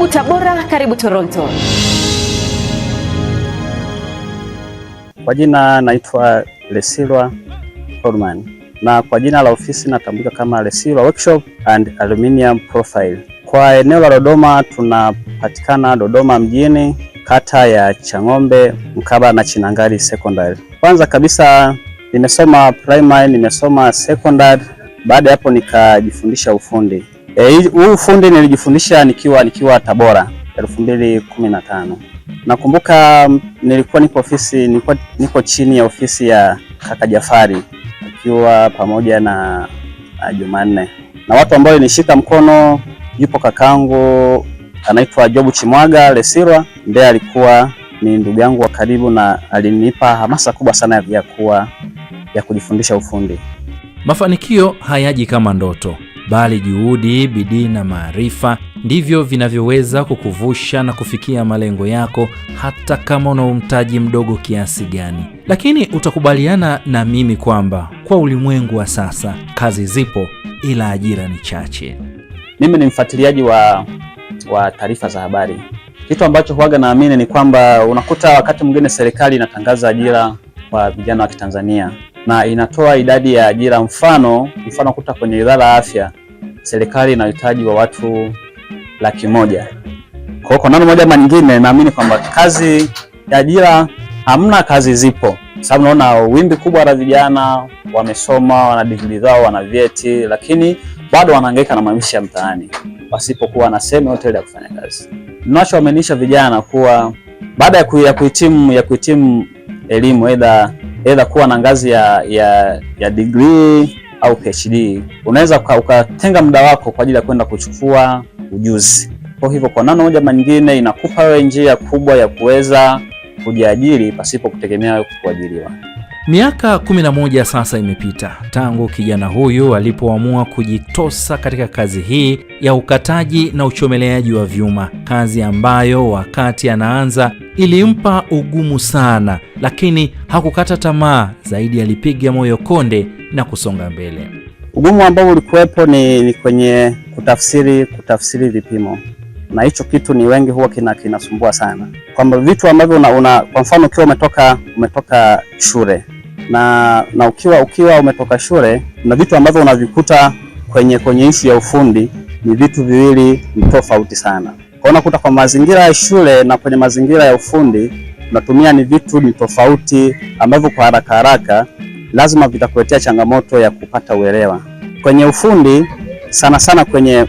Karibu Tabora, karibu Toronto. Kwa jina naitwa Lesilwa Holman na kwa jina la ofisi natambulika kama Lesilwa Workshop and Aluminium Profile. Kwa eneo la Dodoma tunapatikana Dodoma mjini, kata ya Chang'ombe mkaba na Chinangali Secondary. Kwanza kabisa nimesoma primary, nimesoma secondary, baada ya hapo nikajifundisha ufundi. Eh, huu ufundi fundi nilijifundisha nikiwa nikiwa Tabora elfu mbili kumi na tano. Nakumbuka mm, nilikuwa niko ofisi nilikuwa niko chini ya ofisi ya kaka Jafari akiwa pamoja na Jumanne na watu ambao nishika mkono, yupo kakangu anaitwa Jobu Chimwaga Lesirwa, ndiye alikuwa ni ndugu yangu wa karibu na alinipa hamasa kubwa sana ya kuwa ya kujifundisha ufundi. Mafanikio hayaji kama ndoto bali juhudi, bidii na maarifa ndivyo vinavyoweza kukuvusha na kufikia malengo yako, hata kama una mtaji mdogo kiasi gani. Lakini utakubaliana na mimi kwamba kwa ulimwengu wa sasa kazi zipo, ila ajira ni chache. Mimi ni mfuatiliaji wa, wa taarifa za habari. Kitu ambacho huaga naamini ni kwamba unakuta wakati mwingine serikali inatangaza ajira kwa vijana wa Kitanzania na inatoa idadi ya ajira, mfano mfano kuta kwenye idara ya afya serikali ina uhitaji wa watu laki moja. Kwa hiyo kwa namna moja ama nyingine, naamini kwamba kazi ya ajira hamna, kazi zipo, sababu naona wimbi kubwa la vijana wamesoma, wana digrii zao, wana vyeti, lakini bado wanahangaika na maisha ya mtaani pasipokuwa na sehemu yote ya kufanya kazi. Ninachoaminisha vijana kuwa baada ya kuhitimu ya kuhitimu elimu, aidha aidha kuwa na ngazi ya ya, ya digrii au PhD, unaweza ukatenga muda wako kwa ajili ya kwenda kuchukua ujuzi. Kwa hivyo, kwa namna moja ama nyingine, inakupa wewe njia kubwa ya kuweza kujiajiri pasipo kutegemea kuajiriwa. Miaka kumi moja sasa imepita tangu kijana huyu alipoamua kujitosa katika kazi hii ya ukataji na uchomeleaji wa vyuma, kazi ambayo wakati anaanza ilimpa ugumu sana, lakini hakukata tamaa, zaidi alipiga moyo konde na kusonga mbele. Ugumu ambao ulikuwepo ni, ni kwenye kutafsiri kutafsiri vipimo na hicho kitu ni wengi huwa kina kinasumbua sana, kwamba vitu ambavyo una, una kwa mfano ukiwa umetoka umetoka shule na na ukiwa ukiwa umetoka shule na vitu ambavyo unavikuta kwenye kwenye ishu ya ufundi ni vitu viwili tofauti sana. Kwa unakuta kwa mazingira ya shule na kwenye mazingira ya ufundi unatumia ni vitu ni tofauti ambavyo kwa haraka haraka lazima vitakuletea changamoto ya kupata uelewa. Kwenye ufundi sana sana kwenye,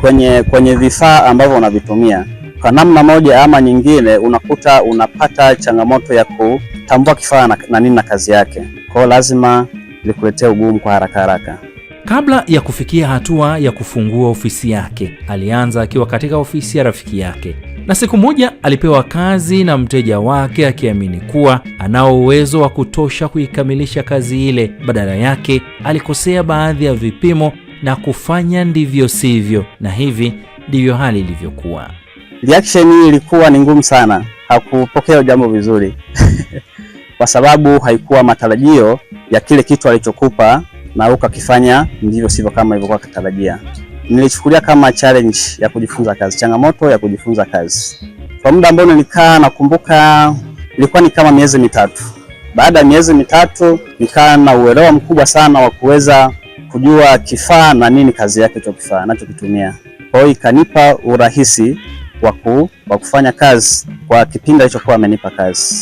kwenye, kwenye vifaa ambavyo unavitumia kwa namna moja ama nyingine unakuta unapata changamoto ya kutambua kifaa na nini na kazi yake. Kwa hiyo lazima likuletea ugumu kwa haraka haraka. Kabla ya kufikia hatua ya kufungua ofisi yake, alianza akiwa katika ofisi ya rafiki yake, na siku moja alipewa kazi na mteja wake akiamini kuwa anao uwezo wa kutosha kuikamilisha kazi ile. Badala yake alikosea baadhi ya vipimo na kufanya ndivyo sivyo, na hivi ndivyo hali ilivyokuwa. Reaction hii ilikuwa ni ngumu sana, hakupokea jambo vizuri kwa sababu haikuwa matarajio ya kile kitu alichokupa na huko akifanya ndivyo sivyo kama ilivyokuwa katarajia. Nilichukulia kama challenge ya kujifunza kazi, changamoto ya kujifunza kazi. Kwa muda ambao nilikaa, nakumbuka ilikuwa ni kama miezi mitatu. Baada ya miezi mitatu, nikaa na uelewa mkubwa sana wa kuweza kujua kifaa na nini kazi yake hicho kifaa anachokitumia. Kwa hiyo ikanipa urahisi wa kufanya kazi kwa kipindi alichokuwa amenipa kazi.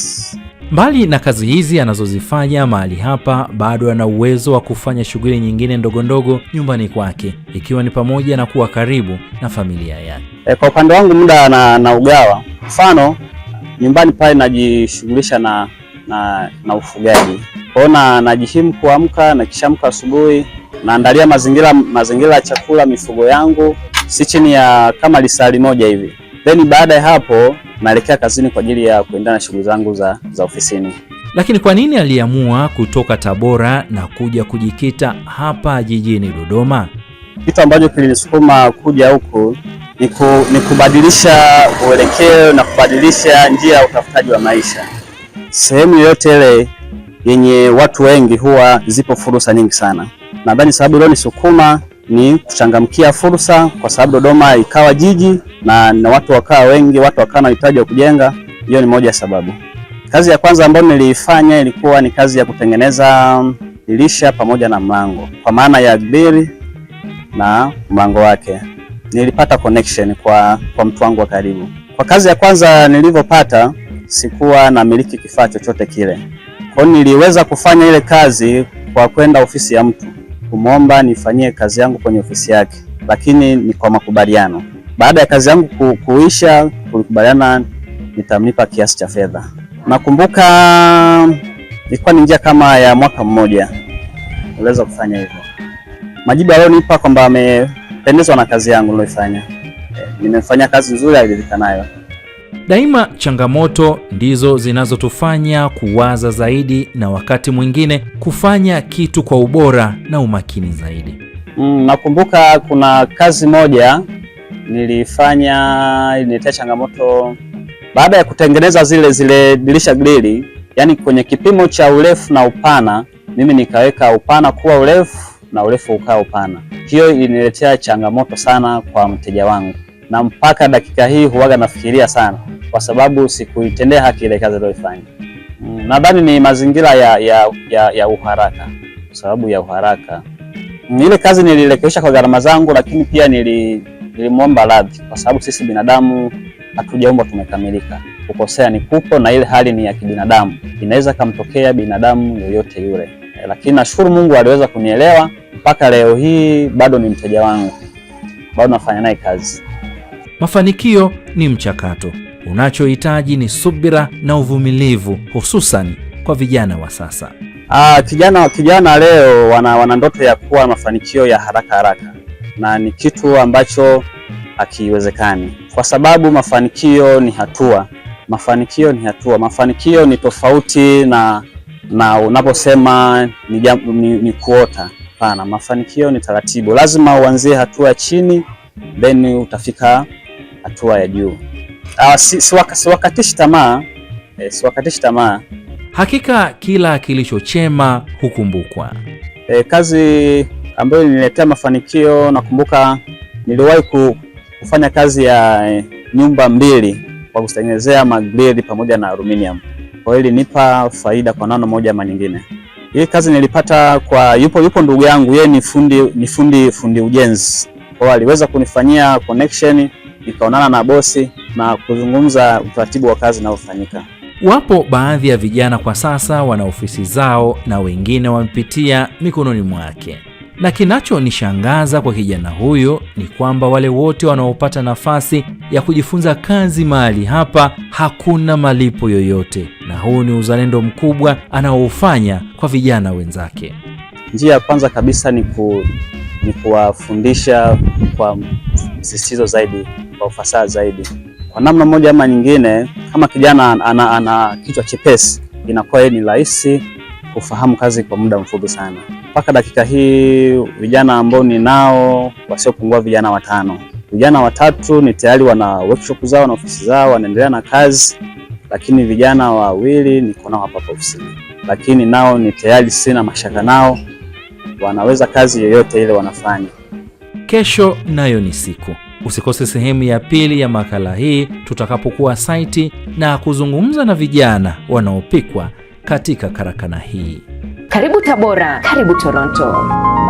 Mbali na kazi hizi anazozifanya mahali hapa, bado ana uwezo wa kufanya shughuli nyingine ndogondogo nyumbani kwake, ikiwa ni pamoja na kuwa karibu na familia yake. E, kwa upande wangu muda na, na ugawa mfano nyumbani pale najishughulisha na, na, na ufugaji kwao na najihimu kuamka, nakishamka asubuhi naandalia mazingira mazingira ya chakula mifugo yangu si chini ya kama lisali moja hivi, then baada ya hapo naelekea kazini kwa ajili ya kuendana na shughuli zangu za, za ofisini. Lakini kwa nini aliamua kutoka Tabora na kuja kujikita hapa jijini Dodoma? Kitu ambacho kilinisukuma kuja huku ni kubadilisha uelekeo na kubadilisha njia ya utafutaji wa maisha. Sehemu yoyote ile yenye watu wengi huwa zipo fursa nyingi sana. Nadhani sababu ilionisukuma ni kuchangamkia fursa, kwa sababu Dodoma ikawa jiji na, na watu wakaa wengi, watu wakaa na uhitaji wa kujenga. Hiyo ni moja ya sababu. Kazi ya kwanza ambayo niliifanya ilikuwa ni kazi ya kutengeneza dirisha pamoja na mlango, kwa maana ya grili na mlango wake. Nilipata connection kwa, kwa mtu wangu wa karibu. Kwa kazi ya kwanza nilivyopata, sikuwa na miliki kifaa chochote kile, kwa hiyo niliweza kufanya ile kazi kwa kwenda ofisi ya mtu kumwomba nifanyie kazi yangu kwenye ofisi yake, lakini ni kwa makubaliano. Baada ya kazi yangu ku, kuisha tulikubaliana nitamlipa kiasi cha fedha. Nakumbuka ilikuwa ni njia kama ya mwaka mmoja niliweza kufanya hivyo. Majibu alionipa kwamba amependezwa na kazi yangu niloifanya eh, nimefanya kazi nzuri aliridhika nayo. Daima changamoto ndizo zinazotufanya kuwaza zaidi na wakati mwingine kufanya kitu kwa ubora na umakini zaidi. Mm, nakumbuka kuna kazi moja nilifanya iliniletea changamoto baada ya kutengeneza zile zile dirisha grili, yani kwenye kipimo cha urefu na upana, mimi nikaweka upana kuwa urefu na urefu ukawa upana. Hiyo iliniletea changamoto sana kwa mteja wangu, na mpaka dakika hii huwaga nafikiria sana kwa sababu sikuitendea haki ile kazi aliyoifanya. Mm, nadhani ni mazingira ya, ya, ya, ya uharaka, kwa sababu ya uharaka mm, ile kazi nililekesha kwa gharama zangu, lakini pia nili, nilimwomba radhi kwa sababu sisi binadamu hatujaumbwa tumekamilika. Kukosea ni kupo na ile hali ni ya kibinadamu, inaweza kamtokea binadamu yoyote yule, eh, lakini nashukuru Mungu aliweza kunielewa mpaka leo hii, bado ni mteja wangu, bado nafanya naye kazi. Mafanikio ni mchakato. Unachohitaji ni subira na uvumilivu, hususan kwa vijana wa sasa. Aa, ah, kijana kijana leo wana, wana ndoto ya kuwa mafanikio ya haraka haraka, na ni kitu ambacho hakiwezekani, kwa sababu mafanikio ni hatua, mafanikio ni hatua, mafanikio ni tofauti na na unaposema ni, ni, ni kuota pana. Mafanikio ni taratibu, lazima uanzie hatua ya chini, then utafika hatua ya juu. Ah, si, siwakatishi tamaa e, eh, siwakatishi tamaa. Hakika kila kilichochema hukumbukwa. Eh, kazi ambayo nililetea mafanikio, nakumbuka niliwahi kufanya kazi ya eh, nyumba mbili kwa kutengenezea magrili pamoja na aluminium. Kwa hiyo ilinipa faida kwa nano moja ama nyingine. Hii kazi nilipata kwa yupo yupo ndugu yangu, yeye ni fundi ni fundi fundi ujenzi. Kwa hiyo aliweza kunifanyia connection, nikaonana na bosi na kuzungumza utaratibu wa kazi unaofanyika. Wapo baadhi ya vijana kwa sasa wana ofisi zao na wengine wamepitia mikononi mwake, na kinachonishangaza kwa kijana huyu ni kwamba wale wote wanaopata nafasi ya kujifunza kazi mahali hapa hakuna malipo yoyote, na huu ni uzalendo mkubwa anaoufanya kwa vijana wenzake. Njia ya kwanza kabisa ni ku ni kuwafundisha kwa msisitizo zaidi, kwa ufasaha zaidi. Kwa namna moja ama nyingine, kama kijana ana, ana, ana kichwa chepesi, inakuwa ni rahisi kufahamu kazi kwa muda mfupi sana. Mpaka dakika hii vijana ambao ninao wasiopungua vijana watano, vijana watatu ni tayari wana workshop zao na ofisi zao, wanaendelea na kazi, lakini vijana wawili niko nao hapa ofisini, lakini nao ni tayari, sina mashaka nao, wanaweza kazi yoyote ile wanafanya. Kesho nayo ni siku Usikose sehemu ya pili ya makala hii tutakapokuwa saiti na kuzungumza na vijana wanaopikwa katika karakana hii. Karibu Tabora, karibu Toronto.